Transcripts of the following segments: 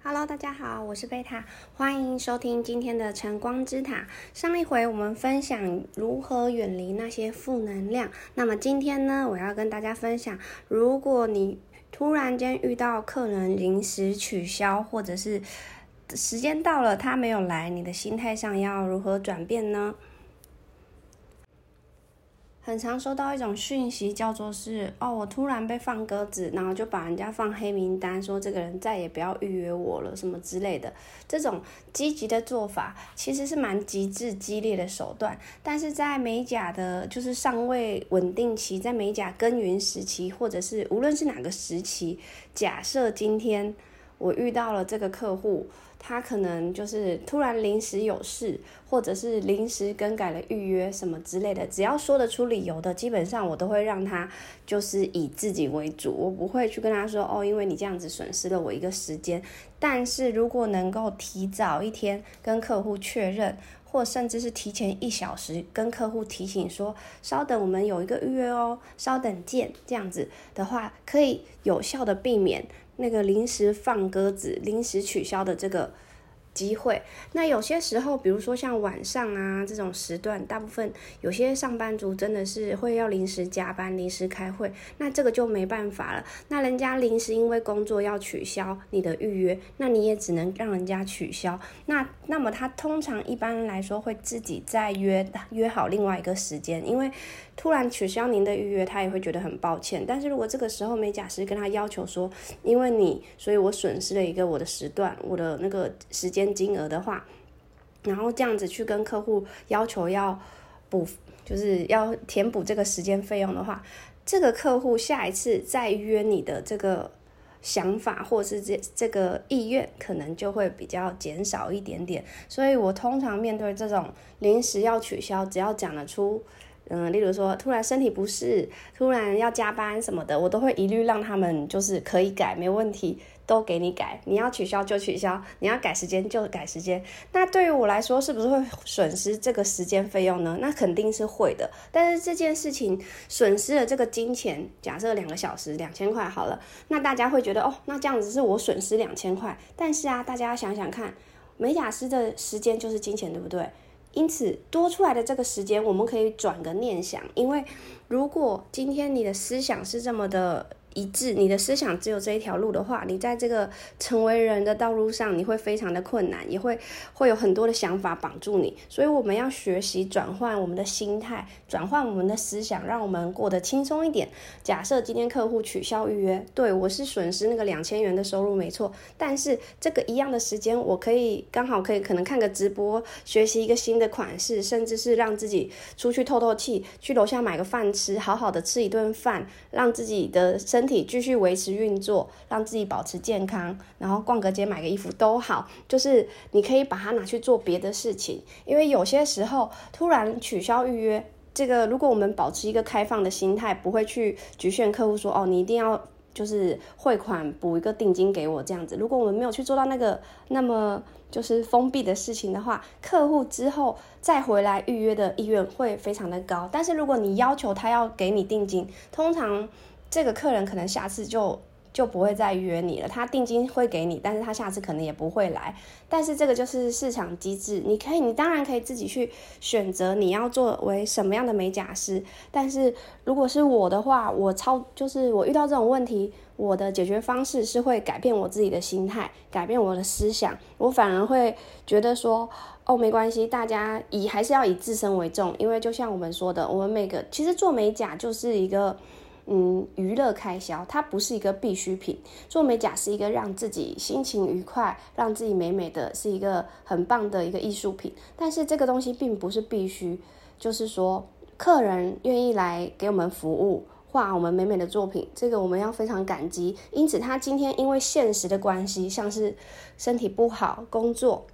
哈嘍，大家好，我是貝塔，歡迎收聽今天的晨光之塔。上一回我們分享如何遠離那些負能量，那麼今天呢，我要跟大家分享，如果你突然間遇到客人臨時取消，或者是時間到了他沒有來，你的心態上要如何轉變呢？很常收到一種訊息，叫做是哦，我突然被放鴿子，然後就把人家放黑名單，說這個人再也不要預約我了，什麼之類的。這種激進的做法，其實是蠻極致激烈的手段，但是在美甲的，就是尚未穩定期，在美甲耕耘時期，或者是無論是哪個時期，假設今天。我遇到了這個客戶，他可能就是突然臨時有事，或者是臨時更改了預約什麼之類的，只要說得出理由的，基本上我都會讓他就是以自己為主，我不會去跟他說哦，因為你這樣子損失了我一個時間。但是如果能夠提早一天跟客戶確認。或甚至是提前一小時跟客戶提醒說：“稍等，我們有一個預約哦，稍等見。”這樣子的話，可以有效的避免那個臨時放鴿子、臨時取消的這個。機會，那有些時候，比如說像晚上啊這種時段，大部分有些上班族真的是會要臨時加班、臨時開會，那這個就沒辦法了。那人家臨時因為工作要取消你的預約，那你也只能讓人家取消。那那麼他通常一般來說會自己再約約好另外一個時間，因為突然取消您的預約，他也會覺得很抱歉。但是如果這個時候美甲師跟他要求說，因為你，所以我損失了一個我的時段，我的那個時間。金額的話，然後這樣子去跟客戶要求要補，就是要填補這個時間費用的話，這個客戶下一次再約你的這個想法或是這這個意願，可能就會比較減少一點點。所以我通常面對這種臨時要取消，只要講得出，嗯、呃，例如說突然身體不適、突然要加班什麼的，我都會一律讓他們就是可以改，沒問題。都給你改，你要取消就取消，你要改時間就改時間。那對於我來說，是不是會損失這個時間費用呢？那肯定是會的。但是這件事情損失了這個金錢，假設兩個小時兩千塊好了，那大家會覺得哦，那這樣子是我損失兩千塊。但是啊，大家要想想看，美甲師的時間就是金錢，對不對？因此多出來的這個時間，我們可以轉個念想，因為如果今天你的思想是這麼的。一致，你的思想只有這一條路的話，你在這個成為人的道路上，你會非常的困難，也會會有很多的想法綁住你。所以我們要學習轉換我們的心態，轉換我們的思想，讓我們過得輕鬆一點。假設今天客戶取消預約，對我是損失那個兩千元的收入，沒錯。但是這個一樣的時間，我可以剛好可以可能看個直播，學習一個新的款式，甚至是讓自己出去透透氣，去樓下買個飯吃，好好的吃一頓飯，讓自己的身。身體繼續維持運作，讓自己保持健康，然後逛個街買個衣服都好，就是你可以把它拿去做別的事情。因為有些時候突然取消預約，這個如果我們保持一個開放的心態，不會去局限客戶說哦，你一定要就是匯款補一個定金給我這樣子。如果我們沒有去做到那個那麼就是封閉的事情的話，客戶之後再回來預約的意願會非常的高。但是如果你要求他要給你定金，通常。這個客人可能下次就就不會再約你了，他定金會給你，但是他下次可能也不會來。但是這個就是市場機制，你可以，你當然可以自己去選擇你要作為什麼樣的美甲師。但是如果是我的話，我超就是我遇到這種問題，我的解決方式是會改變我自己的心態，改變我的思想。我反而會覺得說，哦，沒關係，大家以還是要以自身為重，因為就像我們說的，我們每個其實做美甲就是一個。嗯，娛樂開銷它不是一個必需品。做美甲是一個讓自己心情愉快、讓自己美美的，是一個很棒的一個藝術品。但是這個東西並不是必須，就是說客人願意來給我們服務、畫我們美美的作品，這個我們要非常感激。因此，他今天因為現實的關係，像是身體不好、工作。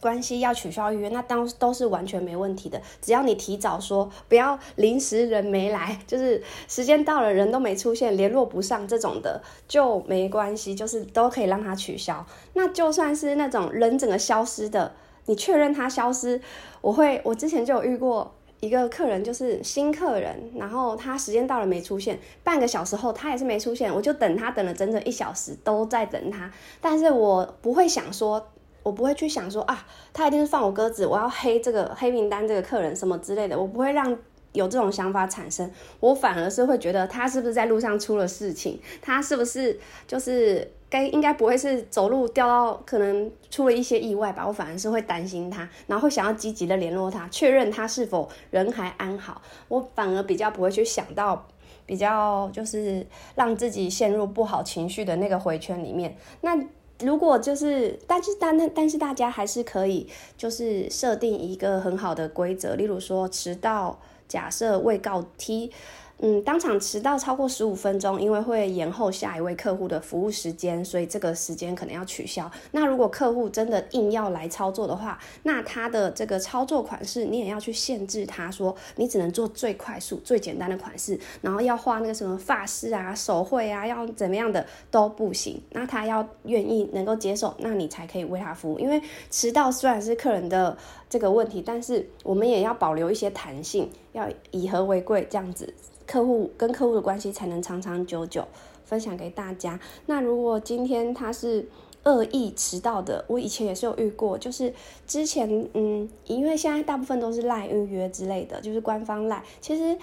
關係要取消預約，那當都是完全沒問題的，只要你提早說，不要臨時人沒來，就是時間到了人都沒出現，聯絡不上這種的就沒關係，就是都可以讓他取消。那就算是那種人整個消失的，你確認他消失，我會我之前就有遇過一個客人，就是新客人，然後他時間到了沒出現，半個小時後他也是沒出現，我就等他等了整整一小時都在等他，但是我不會想說。我不會去想說啊，他一定是放我鴿子，我要黑這個黑名單這個客人什麼之類的，我不會讓有這種想法產生。我反而是會覺得他是不是在路上出了事情，他是不是就是該應該不會是走路掉到，可能出了一些意外吧。我反而是會擔心他，然後會想要積極的聯絡他，確認他是否人還安好。我反而比較不會去想到，比較就是讓自己陷入不好情緒的那個回圈裡面。那。如果就是，但是但但但是大家還是可以，就是設定一個很好的規則，例如說遲到，假設未告踢。嗯，當場遲到超過十五分鐘，因為會延後下一位客戶的服務時間，所以這個時間可能要取消。那如果客戶真的硬要來操作的話，那他的這個操作款式你也要去限制他說，說你只能做最快速、最簡單的款式，然後要畫那個什麼法式啊、手繪啊，要怎麼樣的都不行。那他要願意能夠接受，那你才可以為他服務。因為遲到雖然是客人的。這個問題，但是我們也要保留一些彈性，要以和為貴，這樣子客戶跟客戶的關係才能長長久久。分享給大家。那如果今天他是惡意遲到的，我以前也是有遇過，就是之前嗯，因為現在大部分都是 LINE 預約之類的，就是官方 LINE，其實。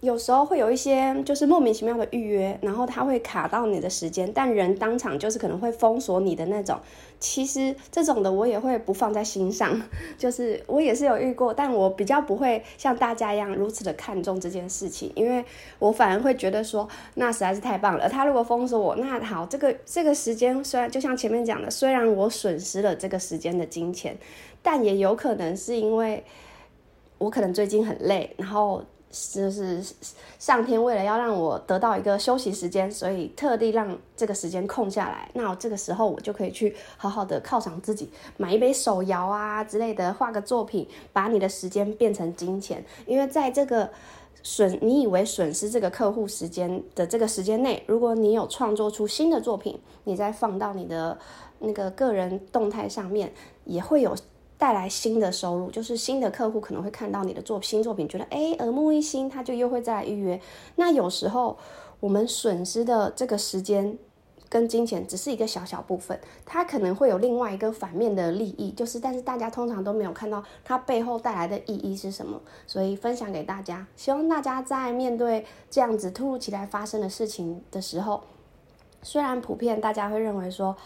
有時候會有一些就是莫名其妙的預約，然後他會卡到你的時間，但人當場就是可能會封鎖你的那種。其實這種的我也會不放在心上，就是我也是有遇過，但我比較不會像大家一樣如此的看重這件事情，因為我反而會覺得說那實在是太棒了。而他如果封鎖我，那好，這個這個時間雖然就像前面講的，雖然我損失了這個時間的金錢，但也有可能是因為我可能最近很累，然後。就是，是，是上天為了要讓我得到一個休息時間，所以特地讓這個時間空下來。那這個時候，我就可以去好好的犒賞自己，買一杯手搖啊之類的，畫個作品，把你的時間變成金錢。因為在這個損，你以為損失這個客戶時間的這個時間內，如果你有創作出新的作品，你再放到你的那個個人動態上面，也會有。帶來新的收入，就是新的客戶可能會看到你的作品。新作品，覺得哎、欸、耳目一新，他就又會再來預約。那有時候我們損失的這個時間跟金錢只是一個小小部分，它可能會有另外一個反面的利益，就是，但是大家通常都沒有看到它背後帶來的意義是什麼。所以分享給大家，希望大家在面對這樣子突如其來發生的事情的時候，雖然普遍大家會認為說。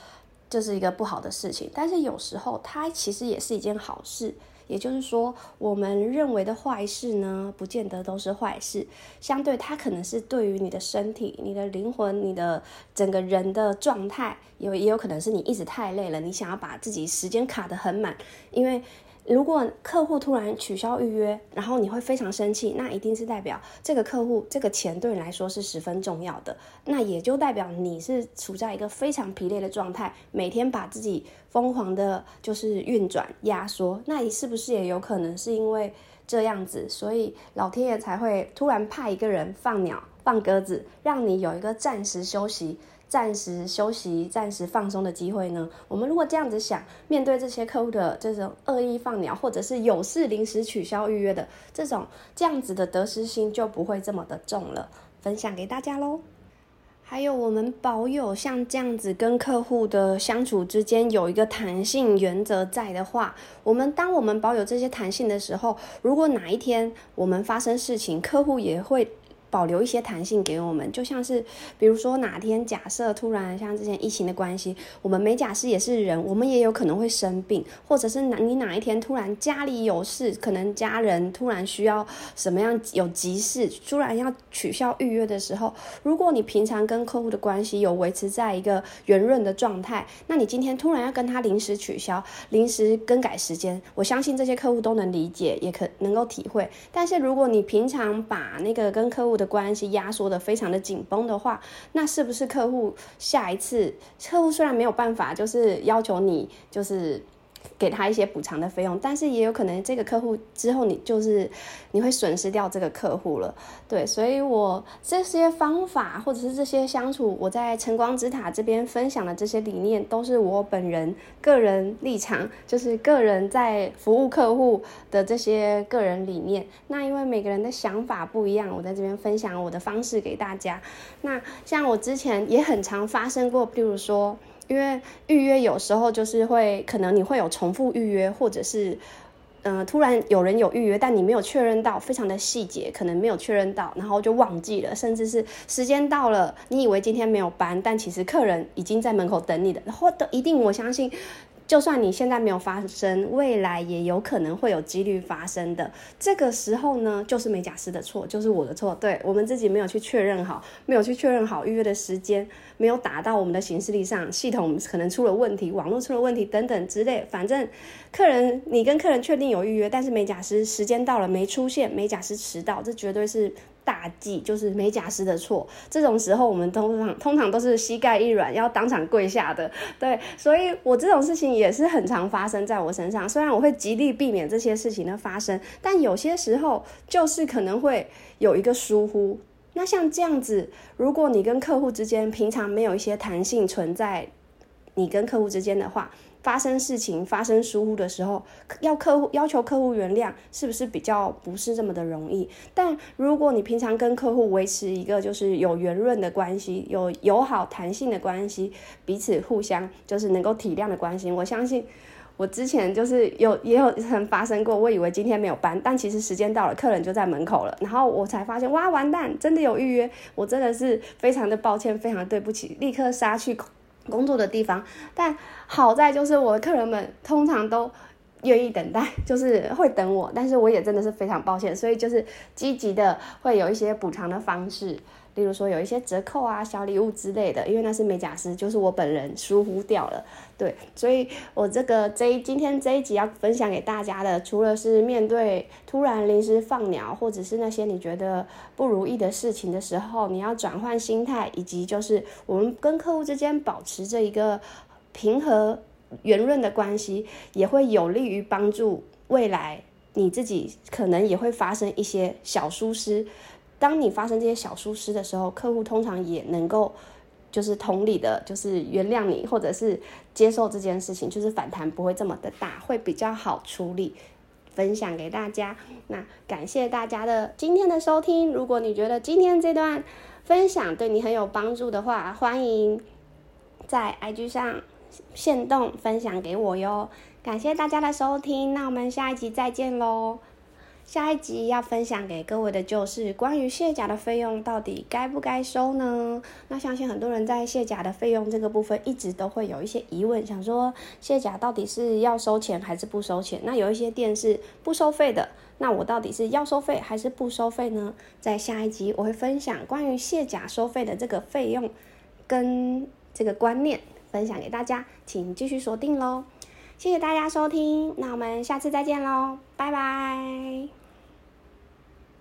這是一個不好的事情，但是有時候它其實也是一件好事。也就是說，我們認為的壞事呢，不見得都是壞事。相對，它可能是對於你的身體、你的靈魂、你的整個人的狀態，有也有可能是你一直太累了，你想要把自己時間卡得很滿，因為。如果客戶突然取消預約，然後你會非常生氣，那一定是代表這個客戶這個錢對你來說是十分重要的，那也就代表你是處在一個非常疲累的狀態，每天把自己瘋狂的就是運轉壓縮，那你是不是也有可能是因為這樣子，所以老天爺才會突然派一個人放鳥放鴿子，讓你有一個暫時休息，暫時休息、暫時放鬆的機會呢？我們如果這樣子想，面對這些客戶的這種惡意放鳥，或者是有事臨時取消預約的這種，這樣子的得失心就不會這麼的重了。分享給大家嘍。還有，我們保有像這樣子跟客戶的相處之間有一個彈性原則在的話，我們當我們保有這些彈性的時候，如果哪一天我們發生事情，客戶也會。保留一些彈性給我們，就像是比如說哪天假設突然像之前疫情的關係，我們美甲師也是人，我們也有可能會生病，或者是哪你哪一天突然家裡有事，可能家人突然需要什麼樣有急事，突然要取消預約的時候，如果你平常跟客戶的關係有維持在一個圓潤的狀態，那你今天突然要跟他臨時取消、臨時更改時間，我相信這些客戶都能理解，也可能夠體會。但是如果你平常把那個跟客戶的關係關係壓縮的非常的緊繃的話，那是不是客戶下一次，客戶雖然沒有辦法，就是要求你就是。給他一些補償的費用，但是也有可能這個客戶之後你就是你會損失掉這個客戶了，對，所以我這些方法或者是這些相處，我在晨光之塔這邊分享的這些理念，都是我本人個人立場，就是個人在服務客戶的這些個人理念。那因為每個人的想法不一樣，我在這邊分享我的方式給大家。那像我之前也很常發生過，譬如說。因為預約有時候就是會，可能你會有重複預約，或者是嗯、呃、突然有人有預約，但你沒有確認到，非常的細節，可能沒有確認到，然後就忘記了，甚至是時間到了，你以為今天沒有班，但其實客人已經在門口等你的，然後的一定我相信，就算你現在沒有發生，未來也有可能會有幾率發生的。這個時候呢，就是美甲師的錯，就是我的錯，對，我們自己沒有去確認好，沒有去確認好預約的時間，沒有打到我們的行事曆上，系統可能出了問題，網絡出了問題等等之類。反正客人你跟客人確定有預約，但是美甲師時間到了沒出現，美甲師遲到，這絕對是。大忌，就是美甲師的錯。這種時候我們通常通常都是膝蓋一軟，要當場跪下的，對。所以我這種事情也是很常發生在我身上。雖然我會極力避免這些事情的發生，但有些時候就是可能會有一個疏忽。那像這樣子，如果你跟客戶之間平常沒有一些彈性存在，你跟客戶之間的話。發生事情，發生疏忽的時候，要客戶要求客戶原諒，是不是比較不是這麼的容易？但如果你平常跟客戶維持一個就是有圓潤的關係，有友好、彈性的關係，彼此互相就是能夠體諒的關係，我相信我之前就是有也有曾發生過，我以為今天沒有班，但其實時間到了，客人就在門口了，然後我才發現哇，完蛋，真的有預約，我真的是非常的抱歉，非常的對不起，立刻殺去。工作的地方，但好在就是我的客人們通常都願意等待，就是會等我，但是我也真的是非常抱歉，所以就是積極的會有一些補償的方式。例如說有一些折扣啊、小禮物之類的，因為那是美甲師，就是我本人疏忽掉了。對，所以我這個這一今天這一集要分享給大家的，除了是面對突然臨時放鳥，或者是那些你覺得不如意的事情的時候，你要轉換心態，以及就是我們跟客戶之間保持着一個平和圓潤的關係，也會有利於幫助未來你自己可能也會發生一些小疏失。當你發生這些小疏失的時候，客戶通常也能夠，就是同理的，就是原諒你，或者是接受這件事情，就是反彈不會這麼的大，會比較好處理。分享給大家，那感謝大家的今天的收聽。如果你覺得今天這段分享對你很有幫助的話，歡迎在 IG 上限動分享給我喲。感謝大家的收聽，那我們下一集再見嘍。下一集要分享給各位的就是關於卸甲的費用到底該不該收呢？那相信很多人在卸甲的費用這個部分一直都會有一些疑問，想說卸甲到底是要收錢還是不收錢？那有一些店是不收費的，那我到底是要收費還是不收費呢？在下一集我會分享關於卸甲收費的這個費用跟這個觀念，分享給大家，請繼續鎖定嘍。謝謝大家收聽，那我們下次再見嘍，拜拜。